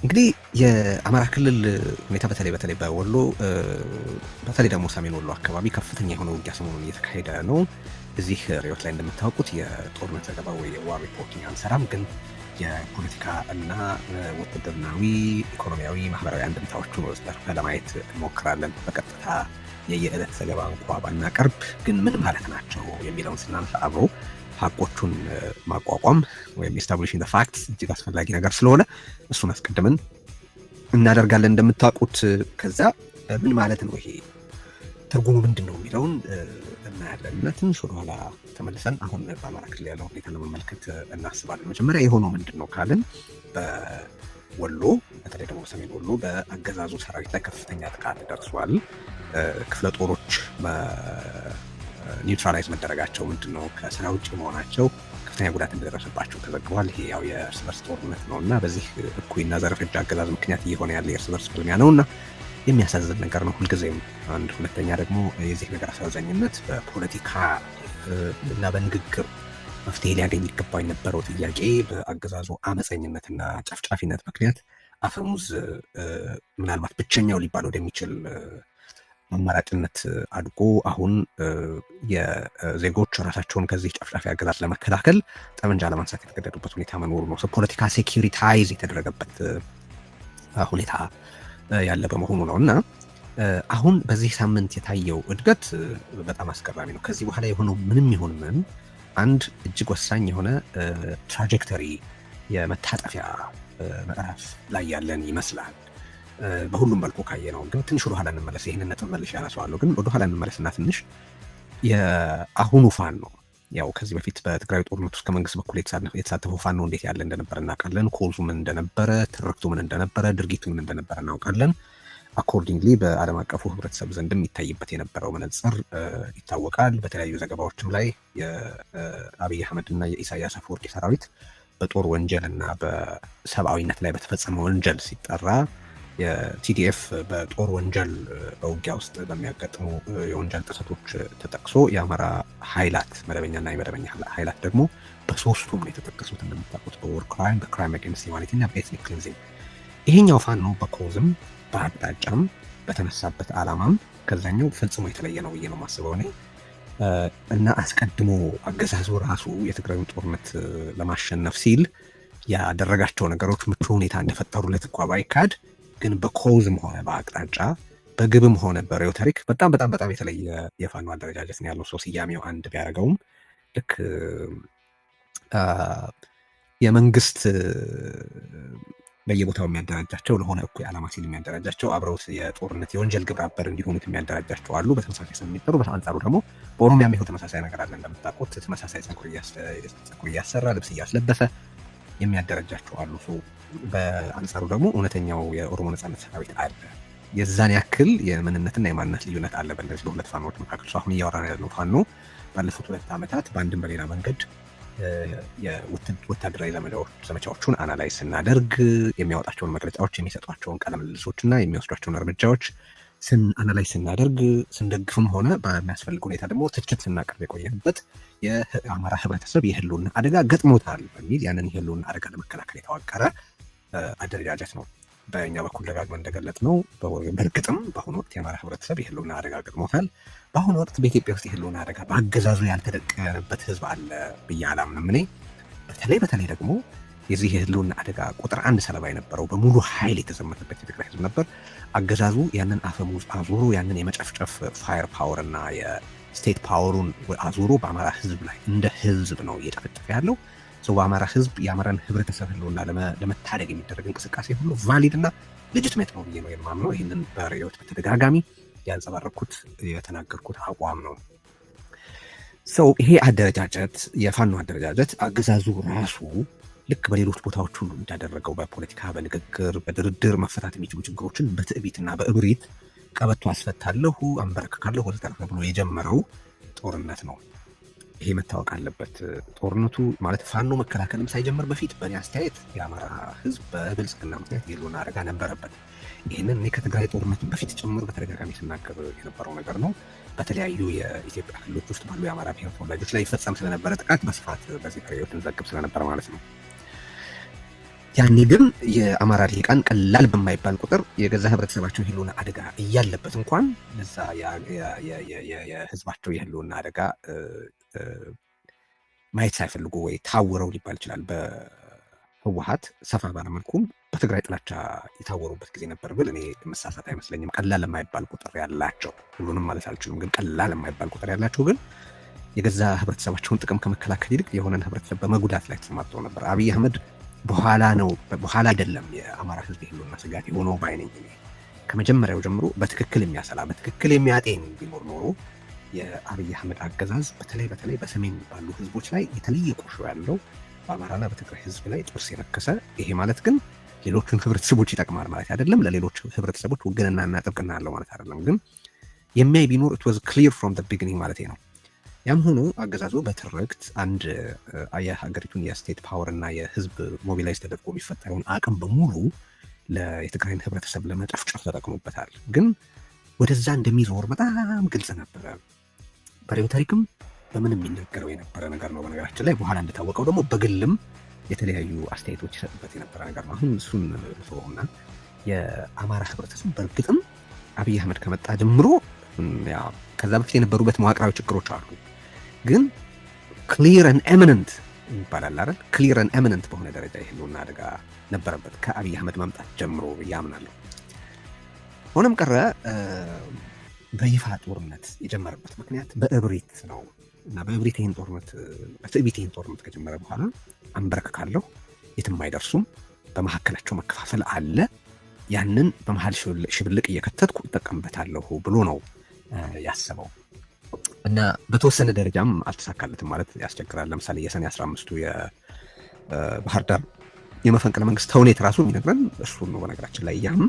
እንግዲህ የአማራ ክልል ሁኔታ በተለይ በተለይ በወሎ በተለይ ደግሞ ሰሜን ወሎ አካባቢ ከፍተኛ የሆነ ውጊያ ሰሞኑን እየተካሄደ ነው። እዚህ ሪዮት ላይ እንደምታውቁት የጦርነት ዘገባ ወይ የዋር ሪፖርት አንሰራም፣ ግን የፖለቲካ እና ወታደርናዊ፣ ኢኮኖሚያዊ፣ ማህበራዊ አንድምታዎቹ ወስጠር ለማየት እንሞክራለን። በቀጥታ የየዕለት ዘገባ እንኳ ባናቀርብ፣ ግን ምን ማለት ናቸው የሚለውን ስናንሳ አብሮ ሀቆቹን ማቋቋም ወይም ኤስታብሊሽንግ ፋክት እጅግ አስፈላጊ ነገር ስለሆነ እሱን አስቀድመን እናደርጋለን። እንደምታውቁት ከዛ ምን ማለት ነው ይሄ ትርጉሙ ምንድን ነው የሚለውን እናያለን እና ትንሽ ወደኋላ ተመልሰን አሁን በአማራ ክልል ያለው ሁኔታ ለመመልከት እናስባለን። መጀመሪያ የሆነው ምንድን ነው ካልን በወሎ በተለይ ደግሞ በሰሜን ወሎ በአገዛዙ ሰራዊት ላይ ከፍተኛ ጥቃት ደርሷል። ክፍለ ጦሮች ኒውትራላይዝ መደረጋቸው ምንድን ነው ከስራ ውጭ መሆናቸው ከፍተኛ ጉዳት እንደደረሰባቸው ተዘግቧል። ይሄ ያው የእርስ በርስ ጦርነት ነው እና በዚህ እኩይና ዘረፈጅ አገዛዝ ምክንያት እየሆነ ያለ የእርስ በርስ ፍልሚያ ነው እና የሚያሳዝን ነገር ነው ሁልጊዜም። አንድ ሁለተኛ ደግሞ የዚህ ነገር አሳዛኝነት በፖለቲካ እና በንግግር መፍትሄ ሊያገኝ ይገባ የነበረው ጥያቄ በአገዛዙ አመፀኝነትና ጨፍጫፊነት ምክንያት አፈሙዝ ምናልባት ብቸኛው ሊባል ወደሚችል አማራጭነት አድጎ አሁን የዜጎች ራሳቸውን ከዚህ ጨፍጫፊ አገዛዝ ለመከላከል ጠመንጃ ለማንሳት የተገደዱበት ሁኔታ መኖሩ ነው። ፖለቲካ ሴኪሪታይዝ የተደረገበት ሁኔታ ያለ በመሆኑ ነው እና አሁን በዚህ ሳምንት የታየው እድገት በጣም አስገራሚ ነው። ከዚህ በኋላ የሆነው ምንም ይሁን ምን አንድ እጅግ ወሳኝ የሆነ ትራጀክተሪ የመታጠፊያ ምዕራፍ ላይ ያለን ይመስላል። በሁሉም መልኩ ካየ ነው። ግን ትንሽ ወደኋላ እንመለስ። ይህንን ነጥብ መልሼ ያነሳዋለሁ። ግን ወደኋላ እና ትንሽ የአሁኑ ፋን ነው ያው ከዚህ በፊት በትግራይ ጦርነት ውስጥ ከመንግስት በኩል የተሳተፈው ፋኖ እንዴት ያለ እንደነበረ እናውቃለን። ኮዙ ምን እንደነበረ፣ ትርክቱ ምን እንደነበረ፣ ድርጊቱ ምን እንደነበረ እናውቃለን። አኮርዲንግሊ በዓለም አቀፉ ህብረተሰብ ዘንድ የሚታይበት የነበረው መነጽር ይታወቃል። በተለያዩ ዘገባዎችም ላይ የአብይ አህመድ እና የኢሳያስ አፈወርቂ ሰራዊት በጦር ወንጀል እና በሰብአዊነት ላይ በተፈጸመ ወንጀል ሲጠራ የቲዲኤፍ በጦር ወንጀል በውጊያ ውስጥ በሚያጋጥሙ የወንጀል ጥሰቶች ተጠቅሶ የአማራ ኃይላት መደበኛና የመደበኛ ኃይላት ደግሞ በሶስቱም ነው የተጠቀሱት እንደምታውቁት በወር ክራይም በክራይም አጌንስት ሂውማኒቲ እና በኤትኒክ ክሊንዚንግ። ይሄኛው ፋኖ በኮዝም በአቅጣጫም በተነሳበት አላማም ከዛኛው ፈጽሞ የተለየ ነው ብዬ ነው ማስበው እኔ እና አስቀድሞ አገዛዙ ራሱ የትግራዩን ጦርነት ለማሸነፍ ሲል ያደረጋቸው ነገሮች ምቹ ሁኔታ እንደፈጠሩለት እንኳ ባይካድ ግን በኮዝም ሆነ በአቅጣጫ በግብም ሆነ በሬው ታሪክ በጣም በጣም በጣም የተለየ የፋኖ አደረጃጀት ነው ያለው። ሰው ስያሜው አንድ ቢያደርገውም ልክ የመንግስት በየቦታው የሚያደራጃቸው ለሆነ እኩይ ዓላማ ሲል የሚያደራጃቸው አብረውት የጦርነት የወንጀል ግብረ አበር እንዲሆኑት የሚያደራጃቸው አሉ። በተመሳሳይ ስም የሚጠሩ። በአንጻሩ ደግሞ በኦሮሚያ ይኸው ተመሳሳይ ነገር አለ። እንደምታውቁት ተመሳሳይ ፀጉር እያሰራ ልብስ እያስለበሰ የሚያደረጃቸው አሉ። በአንጻሩ ደግሞ እውነተኛው የኦሮሞ ነጻነት ሰራዊት አለ። የዛን ያክል የምንነትና የማንነት ልዩነት አለ በእነዚህ በሁለት ፋኖዎች መካከል። አሁን እያወራ ያለው ፋኖ ባለፉት ሁለት ዓመታት በአንድም በሌላ መንገድ ወታደራዊ ዘመቻዎቹን አናላይዝ ስናደርግ የሚያወጣቸውን መግለጫዎች፣ የሚሰጧቸውን ቀለምልሶችና እና የሚወስዷቸውን እርምጃዎች አናላይዝ ስናደርግ ስንደግፍም ሆነ በሚያስፈልግ ሁኔታ ደግሞ ትችት ስናቀርብ የቆየንበት የአማራ ህብረተሰብ የህልውና አደጋ ገጥሞታል በሚል ያንን የህልውና አደጋ ለመከላከል የተዋቀረ አደረጃጀት ነው። በእኛ በኩል ደጋግመ እንደገለጥ ነው። በእርግጥም በአሁኑ ወቅት የአማራ ህብረተሰብ የህልውና አደጋ ገጥሞታል። በአሁኑ ወቅት በኢትዮጵያ ውስጥ የህልውና አደጋ በአገዛዙ ያልተደቀነበት ህዝብ አለ ብዬ አላምንም እኔ በተለይ በተለይ ደግሞ የዚህ የህልውና አደጋ ቁጥር አንድ ሰለባ የነበረው በሙሉ ኃይል የተዘመተበት የትግራይ ህዝብ ነበር። አገዛዙ ያንን አፈሙዝ አዙሮ ያንን የመጨፍጨፍ ፋየር ፓወር እና የስቴት ፓወሩን አዙሮ በአማራ ህዝብ ላይ እንደ ህዝብ ነው እየጨፈጨፈ ያለው። በአማራ ህዝብ የአማራን ህብረተሰብ ህልውና ለመታደግ የሚደረግ እንቅስቃሴ ሁሉ ቫሊድ እና ልጅትሜት ነው ብዬ ነው የማምነው። ይህንን በርዕዮት በተደጋጋሚ ያንጸባረኩት የተናገርኩት አቋም ነው። ሰው ይሄ አደረጃጀት የፋኖ አደረጃጀት አገዛዙ ራሱ ልክ በሌሎች ቦታዎች ሁሉ እንዳደረገው በፖለቲካ፣ በንግግር፣ በድርድር መፈታት የሚችሉ ችግሮችን በትዕቢትና በእብሪት ቀበቶ አስፈታለሁ፣ አንበረክካለሁ ወዘተረፈ ብሎ የጀመረው ጦርነት ነው። ይሄ መታወቅ አለበት። ጦርነቱ ማለት ፋኖ መከላከልም ሳይጀምር በፊት በእኔ አስተያየት የአማራ ህዝብ በብልጽግና ምክንያት የህልውና አደጋ ነበረበት። ይህንን እኔ ከትግራይ ጦርነቱ በፊት ጭምር በተደጋጋሚ ስናገር የነበረው ነገር ነው። በተለያዩ የኢትዮጵያ ክልሎች ውስጥ ባሉ የአማራ ብሔር ተወላጆች ላይ ይፈጸም ስለነበረ ጥቃት በስፋት በዚህ ፍሬዎች እንዘግብ ስለነበረ ማለት ነው። ያኔ ግን የአማራ ሊቃን ቀላል በማይባል ቁጥር የገዛ ህብረተሰባቸው የህልውና አደጋ እያለበት እንኳን በዛ የህዝባቸው የህልውና አደጋ ማየት ሳይፈልጉ ወይ ታውረው ሊባል ይችላል በህወሀት ሰፋ ባለመልኩም በትግራይ ጥላቻ የታወሩበት ጊዜ ነበር ብል እኔ መሳሳት አይመስለኝም። ቀላል የማይባል ቁጥር ያላቸው ሁሉንም ማለት አልችሉም፣ ግን ቀላል የማይባል ቁጥር ያላቸው ግን የገዛ ህብረተሰባቸውን ጥቅም ከመከላከል ይልቅ የሆነን ህብረተሰብ በመጉዳት ላይ ተሰማርተው ነበር። አብይ አህመድ በኋላ ነው በኋላ አይደለም የአማራ ህዝብ የህልውና ስጋት የሆነው ባይነኝ። ከመጀመሪያው ጀምሮ በትክክል የሚያሰላ በትክክል የሚያጤን ቢኖር ኖሮ የአብይ አህመድ አገዛዝ በተለይ በተለይ በሰሜን ባሉ ህዝቦች ላይ የተለየ ቁሾ ያለው በአማራና በትግራይ ህዝብ ላይ ጥርስ የረከሰ ይሄ ማለት ግን ሌሎቹን ህብረተሰቦች ይጠቅማል ማለት አይደለም። ለሌሎች ህብረተሰቦች ውግንናና ጥብቅና ያለው ማለት አይደለም። ግን የሚያይ ቢኖር ኢት ዋዝ ክሊር ፍሮም ቢግኒንግ ማለት ነው። ያም ሆኖ አገዛዙ በትርክት አንድ የሀገሪቱን የስቴት ፓወር እና የህዝብ ሞቢላይዝ ተደርጎ የሚፈጠረውን አቅም በሙሉ የትግራይን ህብረተሰብ ለመጨፍጨፍ ተጠቅሞበታል። ግን ወደዛ እንደሚዞር በጣም ግልጽ ነበረ። በሬው ታሪክም በምን የሚነገረው የነበረ ነገር ነው። በነገራችን ላይ በኋላ እንደታወቀው ደግሞ በግልም የተለያዩ አስተያየቶች ይሰጥበት የነበረ ነገር ነው። አሁን እሱን ሰውና የአማራ ህብረተሰብ በእርግጥም አብይ አህመድ ከመጣ ጀምሮ ከዛ በፊት የነበሩበት መዋቅራዊ ችግሮች አሉ። ግን ን ኤሚነንት ይባላል አይደል? ን ኤሚነንት በሆነ ደረጃ የህልውና አደጋ ነበረበት ከአብይ አህመድ መምጣት ጀምሮ ያምናለሁ። ሆነም ቀረ በይፋ ጦርነት የጀመረበት ምክንያት በእብሪት ነው እና በእብሪት ይህን ጦርነት በትዕቢት ይህን ጦርነት ከጀመረ በኋላ ካለው የትም አይደርሱም፣ በመካከላቸው መከፋፈል አለ፣ ያንን በመሀል ሽብልቅ እየከተትኩ እጠቀምበታለሁ ብሎ ነው ያሰበው። እና በተወሰነ ደረጃም አልተሳካለትም ማለት ያስቸግራል። ለምሳሌ የሰኔ 15 አምስቱ የባህር ዳር የመፈንቅለ መንግስት ተውኔት ራሱ የሚነግረን እሱን ነው። በነገራችን ላይ ያም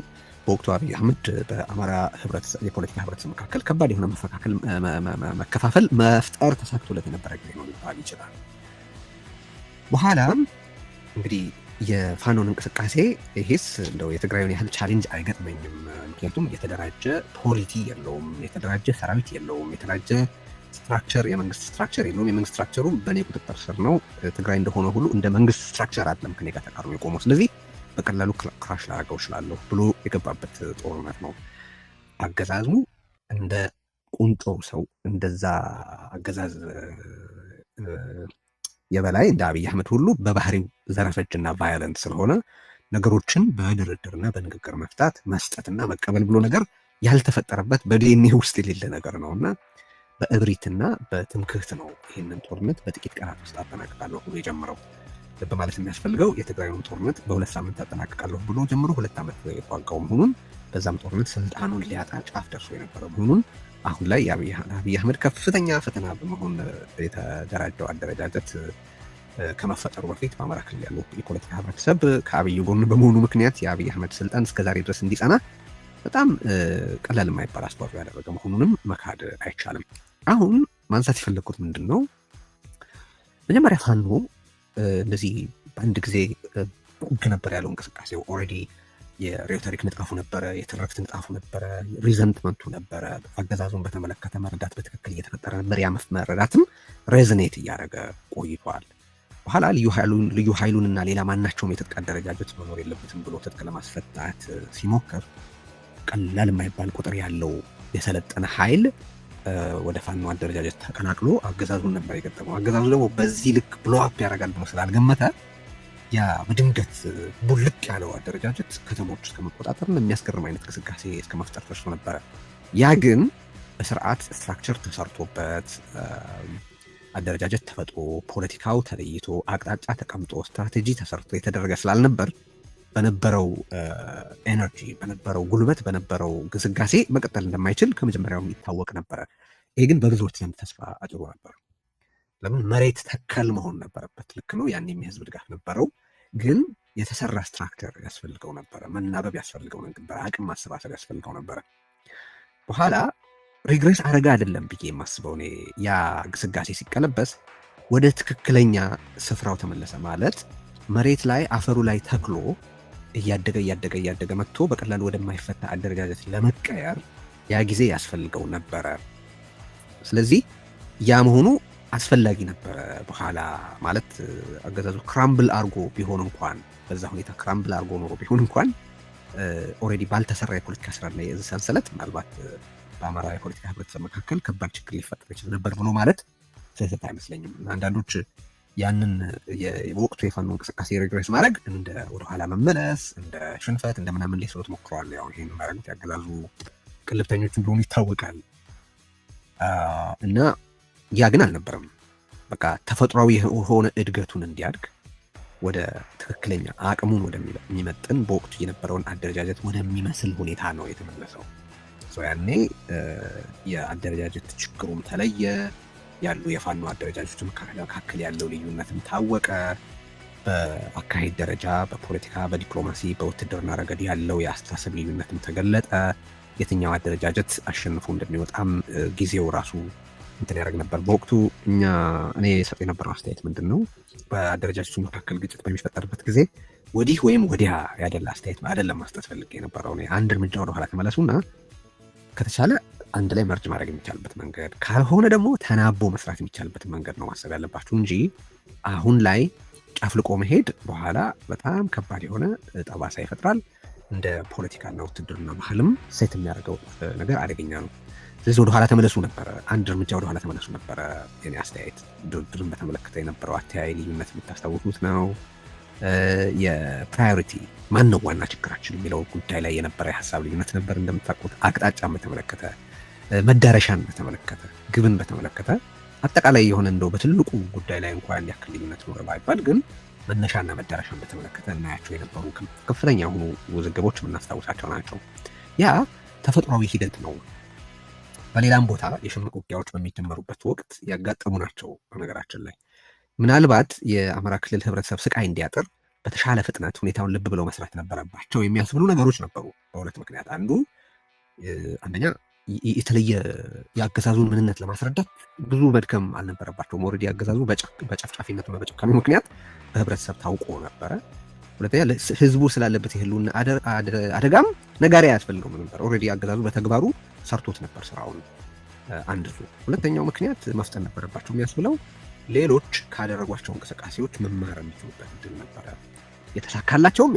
በወቅቱ አብይ አህመድ በአማራ የፖለቲካ ህብረተሰብ መካከል ከባድ የሆነ መፈካከል፣ መከፋፈል መፍጠር ተሳክቶለት የነበረ ጊዜ ነው ሊባል ይችላል። በኋላም እንግዲህ የፋኖን እንቅስቃሴ ይሄስ እንደው የትግራዩን ያህል ቻሌንጅ አይገጥመኝም። ምክንያቱም የተደራጀ ፖሊቲ የለውም፣ የተደራጀ ሰራዊት የለውም፣ የተደራጀ ስትራክቸር የመንግስት ስትራክቸር የለውም። የመንግስት ስትራክቸሩ በእኔ ቁጥጥር ስር ነው። ትግራይ እንደሆነ ሁሉ እንደ መንግስት ስትራክቸር አለም ከኔ ጋር ተቃርኖ የቆመው ስለዚህ በቀላሉ ክራሽ ላደርገው እችላለሁ ብሎ የገባበት ጦርነት ነው። አገዛዙ እንደ ቁንጮ ሰው እንደዛ አገዛዝ የበላይ እንደ አብይ አህመድ ሁሉ በባህሪው ዘረፈጅና ቫዮለንት ስለሆነ ነገሮችን በድርድርና በንግግር መፍታት መስጠትና መቀበል ብሎ ነገር ያልተፈጠረበት በዲኤንኤ ውስጥ የሌለ ነገር ነው እና በእብሪትና በትምክህት ነው ይህንን ጦርነት በጥቂት ቀናት ውስጥ አጠናቅቃለሁ ብሎ የጀመረው። ልብ ማለት የሚያስፈልገው የትግራዩን ጦርነት በሁለት ሳምንት አጠናቅቃለሁ ብሎ ጀምሮ ሁለት ዓመት የተዋጋው መሆኑን በዛም ጦርነት ስልጣኑን ሊያጣ ጫፍ ደርሶ የነበረ መሆኑን አሁን ላይ የአብይ አህመድ ከፍተኛ ፈተና በመሆን የተደራጀው አደረጃጀት ከመፈጠሩ በፊት በአማራ ክልል ያለው የፖለቲካ ህብረተሰብ ከአብይ ጎን በመሆኑ ምክንያት የአብይ አህመድ ስልጣን እስከዛሬ ድረስ እንዲጸና በጣም ቀላል የማይባል አስተዋጽኦ ያደረገ መሆኑንም መካድ አይቻልም። አሁን ማንሳት የፈለግኩት ምንድን ነው፣ መጀመሪያ ፋኖ እንደዚህ በአንድ ጊዜ ነበር ያለው እንቅስቃሴው ኦልሬዲ የሬቶሪክ ንጣፉ ነበረ፣ የትርክት ንጣፉ ነበረ፣ ሪዘንትመንቱ ነበረ። አገዛዙን በተመለከተ መረዳት በትክክል እየተፈጠረ ነበር። ያ መረዳትም ሬዝኔት እያደረገ ቆይቷል። በኋላ ልዩ ኃይሉንና ሌላ ማናቸውም የትጥቅ አደረጃጀት መኖር የለበትም ብሎ ትጥቅ ለማስፈታት ሲሞክር ቀላል የማይባል ቁጥር ያለው የሰለጠነ ኃይል ወደ ፋኖ አደረጃጀት ተቀላቅሎ አገዛዙን ነበር የገጠመው። አገዛዙ ደግሞ በዚህ ልክ ብሎ አፕ ያደርጋል ብሎ ስላልገመተ ያ በድንገት ቡልቅ ያለው አደረጃጀት ከተሞች ውስጥ መቆጣጠር የሚያስገርም አይነት እንቅስቃሴ እስከ መፍጠር ደርሶ ነበረ። ያ ግን በስርዓት ስትራክቸር ተሰርቶበት አደረጃጀት ተፈጥሮ ፖለቲካው ተለይቶ አቅጣጫ ተቀምጦ ስትራቴጂ ተሰርቶ የተደረገ ስላልነበር በነበረው ኤነርጂ፣ በነበረው ጉልበት፣ በነበረው ግስጋሴ መቀጠል እንደማይችል ከመጀመሪያው ይታወቅ ነበረ። ይሄ ግን በብዙዎች ዘንድ ተስፋ አጭሮ ነበር። ለምን መሬት ተከል መሆን ነበረበት። ልክ ነው። ያን የህዝብ ድጋፍ ነበረው። ግን የተሰራ ስትራክቸር ያስፈልገው ነበረ፣ መናበብ ያስፈልገው ነበረ፣ አቅም ማሰባሰብ ያስፈልገው ነበረ። በኋላ ሪግሬስ አረጋ አይደለም ብዬ የማስበው እኔ ያ ግስጋሴ ሲቀለበስ ወደ ትክክለኛ ስፍራው ተመለሰ ማለት መሬት ላይ አፈሩ ላይ ተክሎ እያደገ እያደገ እያደገ መጥቶ በቀላሉ ወደማይፈታ አደረጃጀት ለመቀየር ያ ጊዜ ያስፈልገው ነበረ። ስለዚህ ያ መሆኑ አስፈላጊ ነበረ። በኋላ ማለት አገዛዙ ክራምብል አርጎ ቢሆን እንኳን በዛ ሁኔታ ክራምብል አርጎ ኖሮ ቢሆን እንኳን ኦልሬዲ ባልተሰራ የፖለቲካ ስራና የእዝ ሰንሰለት ምናልባት በአማራ የፖለቲካ ህብረተሰብ መካከል ከባድ ችግር ሊፈጠር ይችል ነበር ብሎ ማለት ስህተት አይመስለኝም። አንዳንዶች ያንን ወቅቱ የፋኖ እንቅስቃሴ ሬግሬስ ማድረግ እንደ ወደኋላ መመለስ እንደ ሽንፈት እንደ ምናምን ሊስሉት ሞክረዋል። ያው ይህን ያገዛዙ ቅልብተኞች እንደሆኑ ይታወቃል እና ያ ግን አልነበረም። በቃ ተፈጥሯዊ የሆነ እድገቱን እንዲያድግ ወደ ትክክለኛ አቅሙን ወደሚመጥን በወቅቱ የነበረውን አደረጃጀት ወደሚመስል ሁኔታ ነው የተመለሰው። ያኔ የአደረጃጀት ችግሩም ተለየ። ያሉ የፋኖ አደረጃጀቶች መካከል ያለው ልዩነትም ታወቀ። በአካሄድ ደረጃ በፖለቲካ፣ በዲፕሎማሲ፣ በውትድርና ረገድ ያለው የአስተሳሰብ ልዩነትም ተገለጠ። የትኛው አደረጃጀት አሸንፎ እንደሚወጣም ጊዜው ራሱ እንትን ያደረግ ነበር። በወቅቱ እኛ እኔ ሰጥ የነበረው አስተያየት ምንድን ነው? በአደረጃጀቱ መካከል ግጭት በሚፈጠርበት ጊዜ ወዲህ ወይም ወዲያ ያደለ አስተያየት አደለም ለማስጠት ፈልግ የነበረው አንድ እርምጃ ወደኋላ ተመለሱና ከተቻለ አንድ ላይ መርጅ ማድረግ የሚቻልበት መንገድ ካልሆነ ደግሞ ተናቦ መስራት የሚቻልበት መንገድ ነው ማሰብ ያለባችሁ እንጂ አሁን ላይ ጨፍልቆ መሄድ በኋላ በጣም ከባድ የሆነ ጠባሳ ይፈጥራል። እንደ ፖለቲካና ውትድርና ባህልም ሴት የሚያደርገው ነገር አደገኛ ነው። ስለዚህ ወደኋላ ተመለሱ ነበረ፣ አንድ እርምጃ ወደኋላ ተመለሱ ነበረ። የኔ አስተያየት ድርድርን በተመለከተ የነበረው አተያይ ልዩነት የምታስታውሱት ነው። የፕራዮሪቲ ነው ዋና ችግራችን የሚለው ጉዳይ ላይ የነበረ የሀሳብ ልዩነት ነበር። እንደምታውቁት አቅጣጫን በተመለከተ መዳረሻን በተመለከተ ግብን በተመለከተ አጠቃላይ የሆነ እንደው በትልቁ ጉዳይ ላይ እንኳ ያክል ልዩነት ኖረ ባይባል ግን መነሻና መዳረሻን በተመለከተ እናያቸው የነበሩ ከፍተኛ የሆኑ ውዝግቦች የምናስታውሳቸው ናቸው። ያ ተፈጥሯዊ ሂደት ነው። በሌላም ቦታ የሽምቅ ውጊያዎች በሚጀመሩበት ወቅት ያጋጠሙ ናቸው። በነገራችን ላይ ምናልባት የአማራ ክልል ህብረተሰብ ስቃይ እንዲያጥር በተሻለ ፍጥነት ሁኔታውን ልብ ብለው መስራት ነበረባቸው የሚያስብሉ ነገሮች ነበሩ። በሁለት ምክንያት አንዱ አንደኛ የተለየ የአገዛዙን ምንነት ለማስረዳት ብዙ መድከም አልነበረባቸውም። ኦልሬዲ የአገዛዙ በጨፍጫፊነቱና በጨካሚ ምክንያት በህብረተሰብ ታውቆ ነበረ። ሁለተኛ ህዝቡ ስላለበት የህልውና አደጋም ነጋሪ አያስፈልገውም ነበር። ኦልሬዲ የአገዛዙ በተግባሩ ሰርቶት ነበር ስራውን አንድ ሁለተኛው ምክንያት መፍጠን ነበረባቸው የሚያስብለው ሌሎች ካደረጓቸው እንቅስቃሴዎች መማር የሚችሉበት እድል ነበረ። የተሳካላቸውም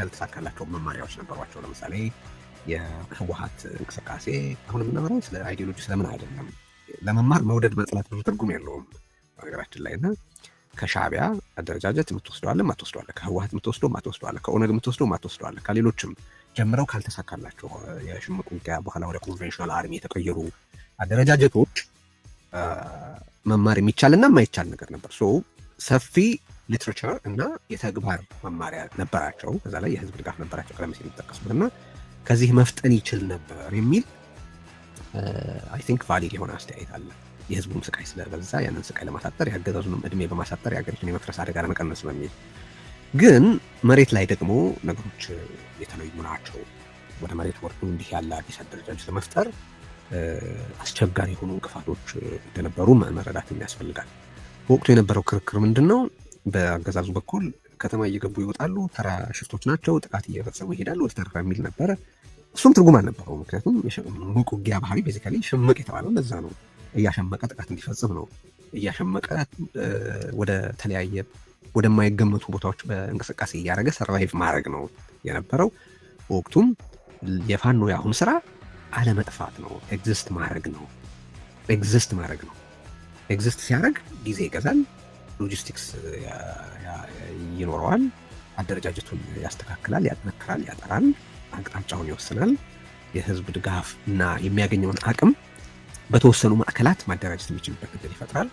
ያልተሳካላቸውም መማሪያዎች ነበሯቸው። ለምሳሌ የህወሀት እንቅስቃሴ አሁን የምናወራው ስለ አይዲዮሎጂ ስለምን አይደለም። ለመማር መውደድ መጥላት ብዙ ትርጉም የለውም በሀገራችን ላይ እና ከሻቢያ አደረጃጀት የምትወስደዋለ ማትወስደዋለ፣ ከህወሀት የምትወስደው ማትወስደዋለ፣ ከኦነግ የምትወስደው ማትወስደዋለ፣ ከሌሎችም ጀምረው ካልተሳካላቸው የሽምቅ ውጊያ በኋላ ወደ ኮንቬንሽናል አርሚ የተቀየሩ አደረጃጀቶች መማር የሚቻልና የማይቻል ነገር ነበር። ሰፊ ሊትሬቸር እና የተግባር መማሪያ ነበራቸው። ከዛ ላይ የህዝብ ድጋፍ ነበራቸው። ቀደም ሲል የሚጠቀሱት እና ከዚህ መፍጠን ይችል ነበር የሚል አይ ቲንክ ቫሊድ የሆነ አስተያየት አለ። የህዝቡም ስቃይ ስለበዛ ያንን ስቃይ ለማሳጠር የአገዛዙንም እድሜ በማሳጠር የሀገሪቱን የመፍረስ አደጋ ለመቀነስ በሚል ግን መሬት ላይ ደግሞ ነገሮች የተለዩ ናቸው። ወደ መሬት ወርዶ እንዲህ ያለ አዲስ አደረጃጀት ለመፍጠር አስቸጋሪ የሆኑ እንቅፋቶች እንደነበሩ መረዳት ያስፈልጋል። በወቅቱ የነበረው ክርክር ምንድን ነው? በአገዛዙ በኩል ከተማ እየገቡ ይወጣሉ፣ ተራ ሽፍቶች ናቸው፣ ጥቃት እየፈጸሙ ይሄዳሉ ወደ ተረፋ የሚል ነበረ። እሱም ትርጉም አልነበረው። ምክንያቱም ሙቅ ውጊያ ባህሪ ቤዚካሊ ሽምቅ የተባለው ለዛ ነው። እያሸመቀ ጥቃት እንዲፈጽም ነው። እያሸመቀ ወደ ተለያየ ወደማይገመቱ ቦታዎች በእንቅስቃሴ እያደረገ ሰርቫይቭ ማድረግ ነው የነበረው። በወቅቱም የፋኖ የአሁን ስራ አለመጥፋት ነው፣ ኤግዚስት ማድረግ ነው። ኤግዚስት ማድረግ ነው። ኤግዚስት ሲያደርግ ጊዜ ይገዛል፣ ሎጂስቲክስ ይኖረዋል፣ አደረጃጀቱን ያስተካክላል፣ ያጠነክራል፣ ያጠራል፣ አቅጣጫውን ይወስናል። የህዝብ ድጋፍ እና የሚያገኘውን አቅም በተወሰኑ ማዕከላት ማደራጀት የሚችልበት ነገር ይፈጥራል።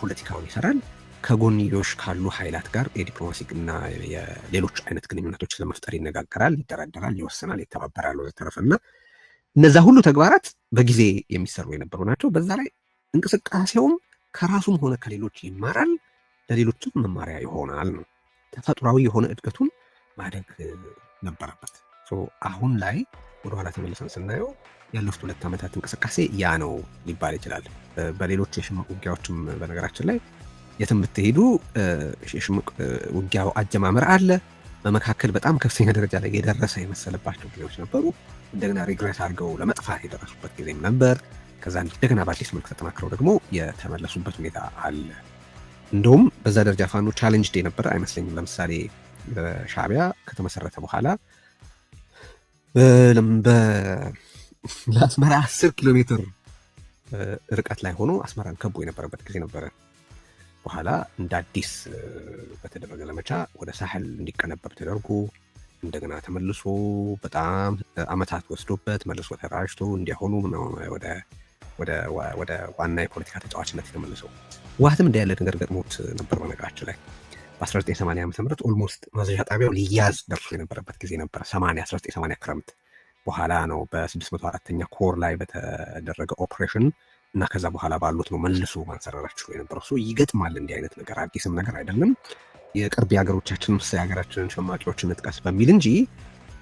ፖለቲካውን ይሰራል። ከጎንዮሽ ካሉ ኃይላት ጋር የዲፕሎማሲ እና የሌሎች አይነት ግንኙነቶች ለመፍጠር ይነጋገራል፣ ይደራደራል፣ ይወስናል፣ ይተባበራል ወዘተረፈ እና እነዛ ሁሉ ተግባራት በጊዜ የሚሰሩ የነበሩ ናቸው። በዛ ላይ እንቅስቃሴውም ከራሱም ሆነ ከሌሎች ይማራል፣ ለሌሎችም መማሪያ ይሆናል ነው። ተፈጥሯዊ የሆነ እድገቱን ማደግ ነበረበት። አሁን ላይ ወደኋላ ተመልሰን ስናየው ያለፉት ሁለት ዓመታት እንቅስቃሴ ያ ነው ሊባል ይችላል። በሌሎች የሽምቅ ውጊያዎችም በነገራችን ላይ የትም ብትሄዱ የሽምቅ ውጊያው አጀማመር አለ። በመካከል በጣም ከፍተኛ ደረጃ ላይ የደረሰ የመሰለባቸው ጊዜዎች ነበሩ። እንደገና ሪግሬት አድርገው ለመጥፋት የደረሱበት ጊዜም ነበር። ከዛ እንደገና በአዲስ መልክ ተጠናክረው ደግሞ የተመለሱበት ሁኔታ አለ። እንደውም በዛ ደረጃ ፋኖ ቻሌንጅ የነበረ አይመስለኝም። ለምሳሌ ሻቢያ ከተመሰረተ በኋላ ለአስመራ አስር ኪሎ ሜትር ርቀት ላይ ሆኖ አስመራን ከቦ የነበረበት ጊዜ ነበረ። በኋላ እንደ አዲስ በተደረገ ዘመቻ ወደ ሳህል እንዲቀነበብ ተደርጎ እንደገና ተመልሶ በጣም አመታት ወስዶበት መልሶ ተደራጅቶ እንዲያሆኑ ወደ ዋና የፖለቲካ ተጫዋችነት የተመልሰው ህወሓትም እንዲህ ያለ ነገር ገጥሞት ነበር። በነገራችን ላይ በ1980 ዓ ም ኦልሞስት ማዘዣ ጣቢያው ሊያዝ ደርሶ የነበረበት ጊዜ ነበረ። 1980 ክረምት በኋላ ነው በ604ኛ ኮር ላይ በተደረገ ኦፕሬሽን እና ከዛ በኋላ ባሉት ነው መልሶ ማንሰራራችሁ የነበረው። ሰው ይገጥማል። እንዲህ አይነት ነገር አዲስም ነገር አይደለም። የቅርብ የሀገሮቻችን ምስ የሀገራችንን ሸማቂዎች እንጥቀስ በሚል እንጂ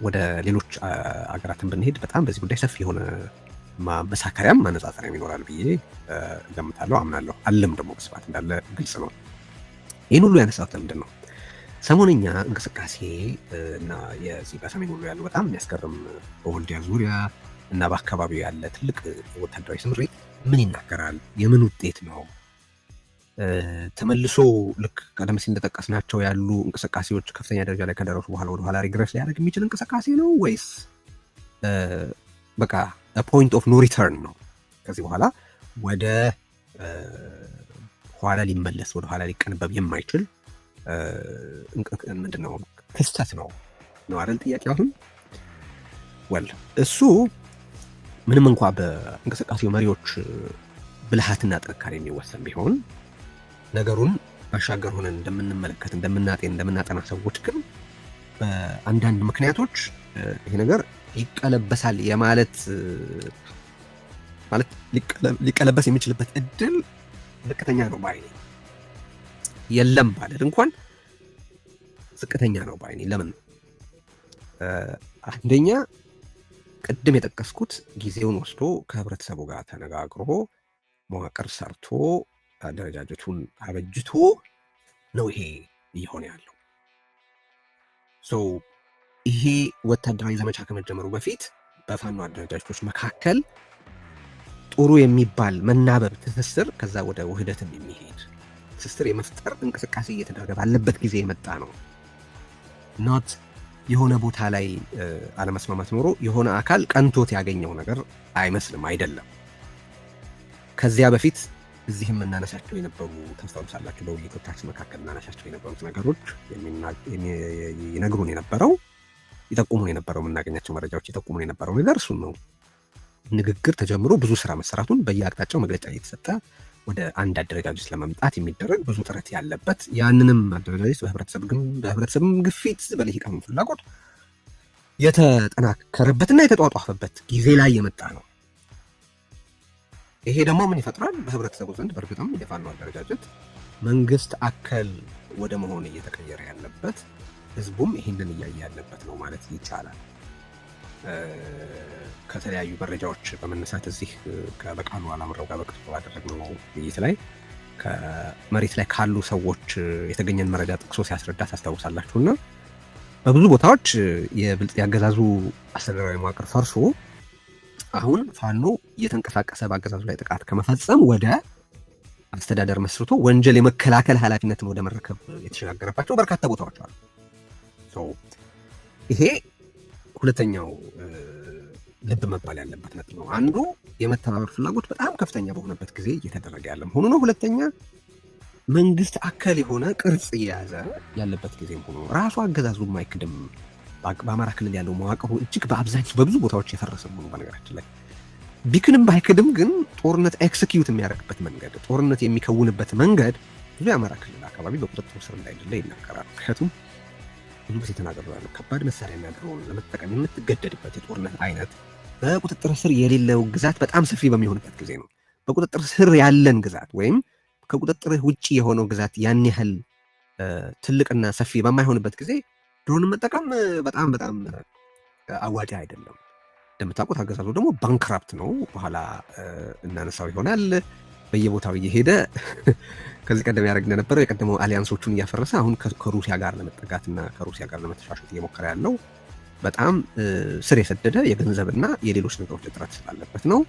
ወደ ሌሎች ሀገራትን ብንሄድ በጣም በዚህ ጉዳይ ሰፊ የሆነ ማመሳከሪያም ማነጻጸሪያም ይኖራል ብዬ እገምታለሁ፣ አምናለሁ። አለም ደግሞ በስፋት እንዳለ ግልጽ ነው። ይህን ሁሉ ያነሳት ለምንድን ነው? ሰሞነኛ እንቅስቃሴ እና የዚህ በሰሜን ወሎ ያለው በጣም የሚያስገርም በወልዲያ ዙሪያ እና በአካባቢው ያለ ትልቅ ወታደራዊ ስምሪት ምን ይናገራል? የምን ውጤት ነው? ተመልሶ ልክ ቀደም ሲል እንደጠቀስናቸው ያሉ እንቅስቃሴዎች ከፍተኛ ደረጃ ላይ ከደረሱ በኋላ ወደኋላ ሪግረስ ሊያደርግ የሚችል እንቅስቃሴ ነው ወይስ በቃ ፖይንት ኦፍ ኖ ሪተርን ነው? ከዚህ በኋላ ወደ ኋላ ሊመለስ ወደ ኋላ ሊቀንበብ የማይችል ምንድነው ክስተት ነው ነው አይደል? ጥያቄ አሁን ወል እሱ ምንም እንኳ በእንቅስቃሴው መሪዎች ብልሃትና ጥንካሬ የሚወሰን ቢሆን ነገሩን ባሻገር ሆነን እንደምንመለከት እንደምናጤ እንደምናጠና ሰዎች ግን በአንዳንድ ምክንያቶች ይሄ ነገር ይቀለበሳል የማለት ማለት ሊቀለበስ የሚችልበት እድል ዝቅተኛ ነው ባይ የለም ማለት እንኳን ዝቅተኛ ነው ባይ ለምን አንደኛ ቅድም የጠቀስኩት ጊዜውን ወስዶ ከህብረተሰቡ ጋር ተነጋግሮ መዋቅር ሰርቶ አደረጃጀቱን አበጅቶ ነው ይሄ እየሆነ ያለው። ይሄ ወታደራዊ ዘመቻ ከመጀመሩ በፊት በፋኖ አደረጃጀቶች መካከል ጥሩ የሚባል መናበብ፣ ትስስር ከዛ ወደ ውህደትም የሚሄድ ትስስር የመፍጠር እንቅስቃሴ እየተደረገ ባለበት ጊዜ የመጣ ነው ኖት የሆነ ቦታ ላይ አለመስማማት ኖሮ የሆነ አካል ቀንቶት ያገኘው ነገር አይመስልም፣ አይደለም። ከዚያ በፊት እዚህ የምናነሳቸው የነበሩ ታስታውሳላችሁ፣ በውይይቶቻችን መካከል እናነሳቸው የነበሩት ነገሮች ይነግሩን የነበረው ይጠቁሙን የነበረው የምናገኛቸው መረጃዎች ይጠቁሙን የነበረው ነገር እሱን ነው። ንግግር ተጀምሮ ብዙ ስራ መሰራቱን በየአቅጣጫው መግለጫ እየተሰጠ ወደ አንድ አደረጃጀት ለመምጣት የሚደረግ ብዙ ጥረት ያለበት ያንንም አደረጃጀት በህብረተሰብም ግፊት በልሂቃኑ ፍላጎት የተጠናከረበትና የተጧጧፈበት ጊዜ ላይ የመጣ ነው። ይሄ ደግሞ ምን ይፈጥራል? በህብረተሰቡ ዘንድ በእርግጥም የፋኖ አደረጃጀት መንግስት አከል ወደ መሆን እየተቀየረ ያለበት ህዝቡም ይህንን እያየ ያለበት ነው ማለት ይቻላል። ከተለያዩ መረጃዎች በመነሳት እዚህ ከበቃሉ አላምረው ጋር በቅርቡ ባደረግነው ውይይት ላይ ከመሬት ላይ ካሉ ሰዎች የተገኘን መረጃ ጥቅሶ ሲያስረዳ ታስታውሳላችሁ እና በብዙ ቦታዎች ያገዛዙ አስተዳደራዊ መዋቅር ፈርሶ አሁን ፋኖ እየተንቀሳቀሰ በአገዛዙ ላይ ጥቃት ከመፈጸም ወደ አስተዳደር መስርቶ ወንጀል የመከላከል ኃላፊነትን ወደ መረከብ የተሸጋገረባቸው በርካታ ቦታዎች አሉ። ይሄ ሁለተኛው ልብ መባል ያለበት ነጥብ ነው። አንዱ የመተባበር ፍላጎት በጣም ከፍተኛ በሆነበት ጊዜ እየተደረገ ያለ መሆኑ ነው። ሁለተኛ መንግስት አካል የሆነ ቅርጽ እየያዘ ያለበት ጊዜ መሆኑ ነው። ራሱ አገዛዙ የማይክድም በአማራ ክልል ያለው መዋቅሩ እጅግ በአብዛኛው በብዙ ቦታዎች የፈረሰ መሆኑ በነገራችን ላይ ቢክንም ባይክድም ግን ጦርነት ኤክስኪዩት የሚያደርግበት መንገድ ጦርነት የሚከውንበት መንገድ ብዙ የአማራ ክልል አካባቢ በቁጥጥር ስር እንዳይደለ ይናገራል። ምክንያቱም ብዙ ጊዜ ተናግሬያለሁ። ከባድ መሳሪያና ድሮን ለመጠቀም የምትገደድበት የጦርነት አይነት በቁጥጥር ስር የሌለው ግዛት በጣም ሰፊ በሚሆንበት ጊዜ ነው። በቁጥጥር ስር ያለን ግዛት ወይም ከቁጥጥር ውጭ የሆነው ግዛት ያን ያህል ትልቅና ሰፊ በማይሆንበት ጊዜ ድሮን መጠቀም በጣም በጣም አዋጭ አይደለም። እንደምታውቁት አገዛዙ ደግሞ ባንክራፕት ነው። በኋላ እናነሳው ይሆናል። በየቦታው እየሄደ ከዚህ ቀደም ያደረግ እንደነበረው የቀደመው አሊያንሶቹን እያፈረሰ አሁን ከሩሲያ ጋር ለመጠጋትና ከሩሲያ ጋር ለመተሻሸት እየሞከረ ያለው በጣም ስር የሰደደ የገንዘብና የሌሎች ነገሮች እጥረት ስላለበት ነው።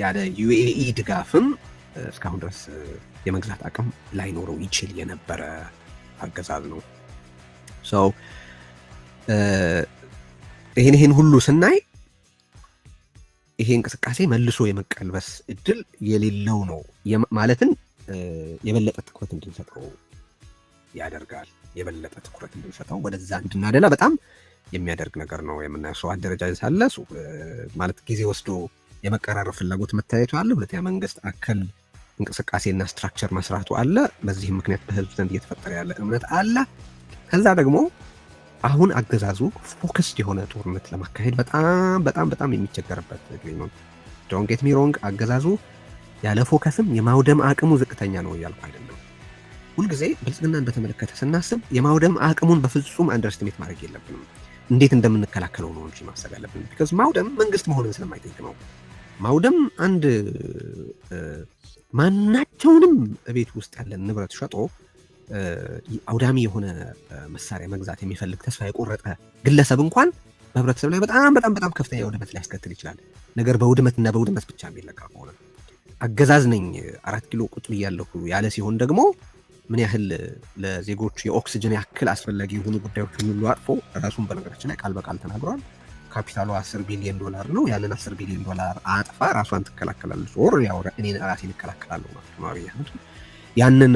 ያለ ዩኤኢ ድጋፍም እስካሁን ድረስ የመግዛት አቅም ላይኖረው ይችል የነበረ አገዛዝ ነው። ይህን ይህን ሁሉ ስናይ ይሄ እንቅስቃሴ መልሶ የመቀልበስ እድል የሌለው ነው ማለትን የበለጠ ትኩረት እንድንሰጠው ያደርጋል። የበለጠ ትኩረት እንድንሰጠው ወደዛ እንድናደላ በጣም የሚያደርግ ነገር ነው የምናየው። ሰው አደረጃጀት ሳለ ማለት ጊዜ ወስዶ የመቀራረብ ፍላጎት መታየቱ አለ። ሁለተኛ መንግስት አከል እንቅስቃሴና ስትራክቸር መስራቱ አለ። በዚህም ምክንያት በህዝብ ዘንድ እየተፈጠረ ያለ እምነት አለ። ከዛ ደግሞ አሁን አገዛዙ ፎከስድ የሆነ ጦርነት ለማካሄድ በጣም በጣም በጣም የሚቸገርበት ጊዜ ነው። ዶንጌት ሚሮንግ አገዛዙ ያለ ፎከስም የማውደም አቅሙ ዝቅተኛ ነው እያልኩ አይደለም። ሁልጊዜ ብልጽግናን በተመለከተ ስናስብ የማውደም አቅሙን በፍጹም አንደርስትሜት ማድረግ የለብንም። እንዴት እንደምንከላከለው ነው እንጂ ማሰብ ያለብን። ቢካዝ ማውደም መንግስት መሆንን ስለማይጠይቅ ነው። ማውደም አንድ ማናቸውንም ቤት ውስጥ ያለን ንብረት ሸጦ አውዳሚ የሆነ መሳሪያ መግዛት የሚፈልግ ተስፋ የቆረጠ ግለሰብ እንኳን በህብረተሰብ ላይ በጣም በጣም በጣም ከፍተኛ ውድመት ሊያስከትል ይችላል። ነገር በውድመትና በውድመት ብቻ የሚለካ ከሆነ አገዛዝ ነኝ አራት ኪሎ ቁጥር እያለሁ ያለ ሲሆን ደግሞ ምን ያህል ለዜጎች የኦክስጅን ያክል አስፈላጊ የሆኑ ጉዳዮች ሁሉ አጥፎ ራሱን በነገራችን ላይ ቃል በቃል ተናግሯል። ካፒታሉ አስር ቢሊዮን ዶላር ነው። ያንን አስር ቢሊዮን ዶላር አጥፋ ራሷን ትከላከላለች። ኦር እኔ ራሴን እከላከላለሁ ማለት ነው ያንን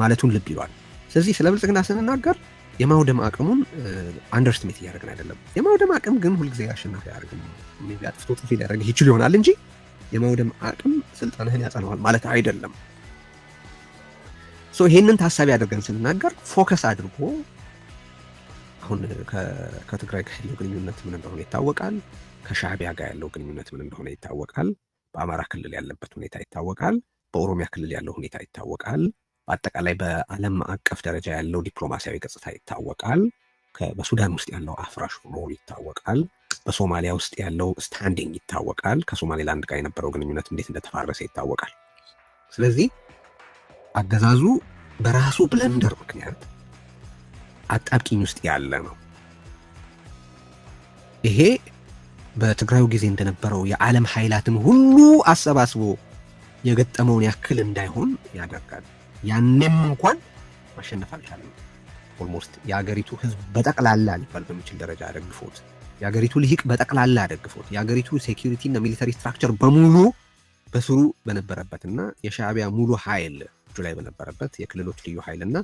ማለቱን ልብ ይሏል። ስለዚህ ስለ ብልጽግና ስንናገር የማውደም አቅሙን አንደርስትሜት እያደረግን አይደለም። የማውደም አቅም ግን ሁልጊዜ አሸናፊ አያደርግም። አጥፍቶ ጥፊ ይችል ይሆናል እንጂ የማውደም አቅም ስልጣንህን ያጸነዋል ማለት አይደለም። ሶ ይሄንን ታሳቢ አድርገን ስንናገር ፎከስ አድርጎ አሁን ከትግራይ ጋር ያለው ግንኙነት ምን እንደሆነ ይታወቃል። ከሻዕቢያ ጋር ያለው ግንኙነት ምን እንደሆነ ይታወቃል። በአማራ ክልል ያለበት ሁኔታ ይታወቃል። በኦሮሚያ ክልል ያለው ሁኔታ ይታወቃል። በአጠቃላይ በዓለም አቀፍ ደረጃ ያለው ዲፕሎማሲያዊ ገጽታ ይታወቃል። በሱዳን ውስጥ ያለው አፍራሽ ሮል ይታወቃል። በሶማሊያ ውስጥ ያለው ስታንዲንግ ይታወቃል። ከሶማሌላንድ ጋር የነበረው ግንኙነት እንዴት እንደተፋረሰ ይታወቃል። ስለዚህ አገዛዙ በራሱ ብለንደር ምክንያት አጣብቂኝ ውስጥ ያለ ነው። ይሄ በትግራዩ ጊዜ እንደነበረው የዓለም ኃይላትን ሁሉ አሰባስቦ የገጠመውን ያክል እንዳይሆን ያደርጋል። ያኔም እንኳን ማሸነፍ አልቻለም። ኦልሞስት የአገሪቱ ህዝብ በጠቅላላ ሊባል በሚችል ደረጃ ደግፎት፣ የአገሪቱ ልሂቅ በጠቅላላ ደግፎት፣ የአገሪቱ ሴኪሪቲ እና ሚሊተሪ ስትራክቸር በሙሉ በስሩ በነበረበት እና የሻዕቢያ ሙሉ ኃይል እጁ ላይ በነበረበት የክልሎች ልዩ ኃይል እና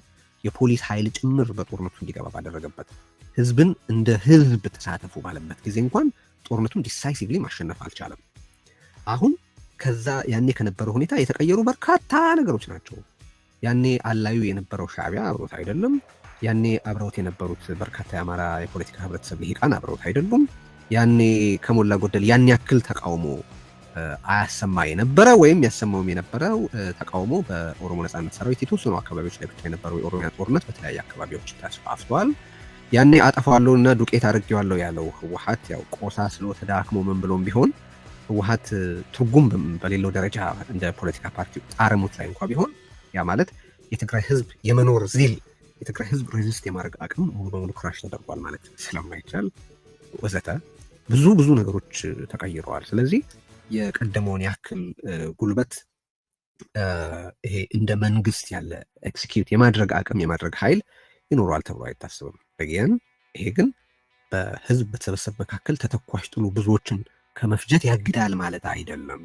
የፖሊስ ኃይል ጭምር በጦርነቱ እንዲገባ ባደረገበት ህዝብን እንደ ህዝብ ተሳተፉ ባለበት ጊዜ እንኳን ጦርነቱን ዲሳይሲቭሊ ማሸነፍ አልቻለም። አሁን ከዛ ያኔ ከነበረው ሁኔታ የተቀየሩ በርካታ ነገሮች ናቸው። ያኔ አላዩ የነበረው ሻዕቢያ አብሮት አይደለም። ያኔ አብረውት የነበሩት በርካታ የአማራ የፖለቲካ ህብረተሰብ ልሂቃን አብረውት አይደሉም። ያኔ ከሞላ ጎደል ያን ያክል ተቃውሞ አያሰማ የነበረ ወይም ያሰማውም የነበረው ተቃውሞ በኦሮሞ ነጻነት ሰራዊት የተወሰኑ አካባቢዎች ላይ ብቻ የነበረው የኦሮሚያ ጦርነት በተለያየ አካባቢዎች ተስፋፍቷል። ያኔ አጠፋዋለሁ እና ዱቄት አድርጌዋለሁ ያለው ህወሀት ያው ቆሳስሎ ተዳክሞ ምን ብሎም ቢሆን ህወሀት ትርጉም በሌለው ደረጃ እንደ ፖለቲካ ፓርቲ ጣረሙት ላይ እንኳ ቢሆን ያ ማለት የትግራይ ህዝብ የመኖር ዚል የትግራይ ህዝብ ሬዚስት የማድረግ አቅም ሙሉ በሙሉ ክራሽ ተደርጓል ማለት ስለማይቻል ወዘተ ብዙ ብዙ ነገሮች ተቀይረዋል። ስለዚህ የቀደመውን ያክል ጉልበት ይሄ እንደ መንግስት ያለ ኤክስኪዩት የማድረግ አቅም የማድረግ ኃይል ይኖረዋል ተብሎ አይታስብም። በጊያን ይሄ ግን በህዝብ በተሰበሰብ መካከል ተተኳሽ ጥሉ ብዙዎችን ከመፍጀት ያግዳል ማለት አይደለም።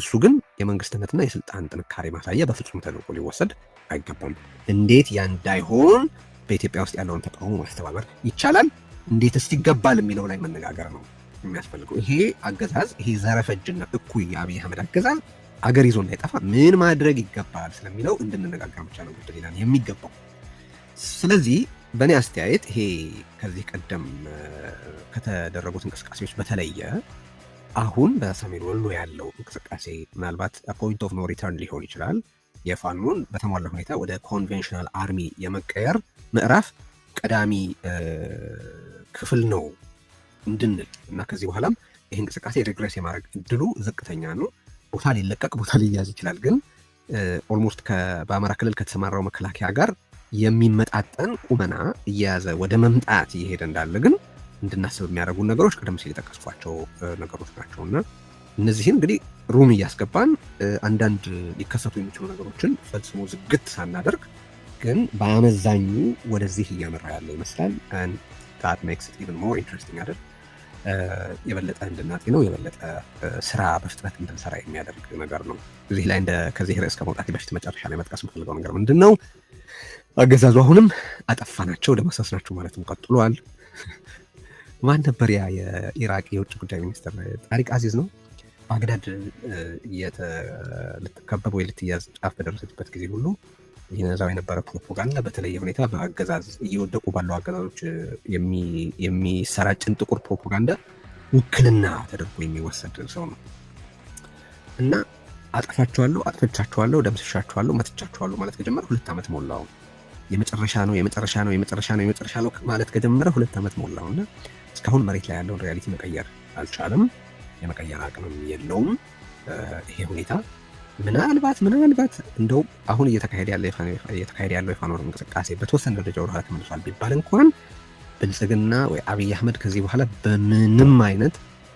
እሱ ግን የመንግስትነትና የስልጣን ጥንካሬ ማሳያ በፍጹም ተደርጎ ሊወሰድ አይገባም። እንዴት ያ እንዳይሆን በኢትዮጵያ ውስጥ ያለውን ተቃውሞ ማስተባበር ይቻላል፣ እንዴትስ ይገባል የሚለው ላይ መነጋገር ነው የሚያስፈልገው። ይሄ አገዛዝ ይሄ ዘረፈጅና እኩይ የአብይ አህመድ አገዛዝ አገር ይዞ እንዳይጠፋ ምን ማድረግ ይገባል ስለሚለው እንድንነጋገር ብቻ ነው ጉዳይ ላን የሚገባው። ስለዚህ በእኔ አስተያየት ይሄ ከዚህ ቀደም ከተደረጉት እንቅስቃሴዎች በተለየ አሁን በሰሜን ወሎ ያለው እንቅስቃሴ ምናልባት ፖይንት ኦፍ ኖ ሪተርን ሊሆን ይችላል። የፋኖን በተሟላ ሁኔታ ወደ ኮንቬንሽናል አርሚ የመቀየር ምዕራፍ ቀዳሚ ክፍል ነው እንድንል እና ከዚህ በኋላም ይህ እንቅስቃሴ ሪግረስ የማድረግ እድሉ ዝቅተኛ ነው። ቦታ ሊለቀቅ ቦታ ሊያዝ ይችላል። ግን ኦልሞስት በአማራ ክልል ከተሰማራው መከላከያ ጋር የሚመጣጠን ቁመና እየያዘ ወደ መምጣት እየሄደ እንዳለ ግን እንድናስብ የሚያደርጉን ነገሮች ቀደም ሲል የጠቀስኳቸው ነገሮች ናቸው እና እነዚህን እንግዲህ ሩም እያስገባን አንዳንድ ሊከሰቱ የሚችሉ ነገሮችን ፈጽሞ ዝግት ሳናደርግ ግን በአመዛኙ ወደዚህ እያመራ ያለ ይመስላል። ት ሜክስ ኢቨን ሞር ኢንትረስቲንግ አይደል? የበለጠ እንድናጤ ነው፣ የበለጠ ስራ በፍጥነት እንድንሰራ የሚያደርግ ነገር ነው። እዚህ ላይ ከዚህ ርዕስ ከመውጣት በፊት መጨረሻ ላይ መጥቀስ የምፈልገው ነገር ምንድን ነው፣ አገዛዙ አሁንም አጠፋናቸው፣ ናቸው ማለትም ቀጥሏል። ማን ነበር ያ የኢራቅ የውጭ ጉዳይ ሚኒስትር? ታሪክ አዚዝ ነው። ባግዳድ ልትከበብ ወይ ልትያዝ ጫፍ በደረሰችበት ጊዜ ሁሉ ይነዛው የነበረ ፕሮፓጋንዳ በተለየ ሁኔታ በአገዛዝ እየወደቁ ባለው አገዛዞች የሚሰራጭን ጥቁር ፕሮፓጋንዳ ውክልና ተደርጎ የሚወሰድ ሰው ነው እና አጥፋቸዋለሁ አጥፍቻችኋለሁ፣ ደምስሻቸዋለሁ መትቻቸዋለሁ ማለት ከጀመረ ሁለት ዓመት ሞላው። የመጨረሻ ነው፣ የመጨረሻ ነው፣ የመጨረሻ ነው፣ የመጨረሻ ነው ማለት ከጀመረ ሁለት ዓመት ሞላው እና እስካሁን መሬት ላይ ያለውን ሪያሊቲ መቀየር አልቻለም። የመቀየር አቅምም የለውም። ይሄ ሁኔታ ምናልባት ምናልባት እንደው አሁን እየተካሄደ ያለው የፋኖር እንቅስቃሴ በተወሰነ ደረጃ ወደኋላ ተመልሷል ቢባል እንኳን ብልጽግና ወይ አብይ አህመድ ከዚህ በኋላ በምንም አይነት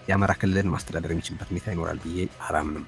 የአማራ ክልልን ማስተዳደር የሚችልበት ሁኔታ ይኖራል ብዬ አላምንም።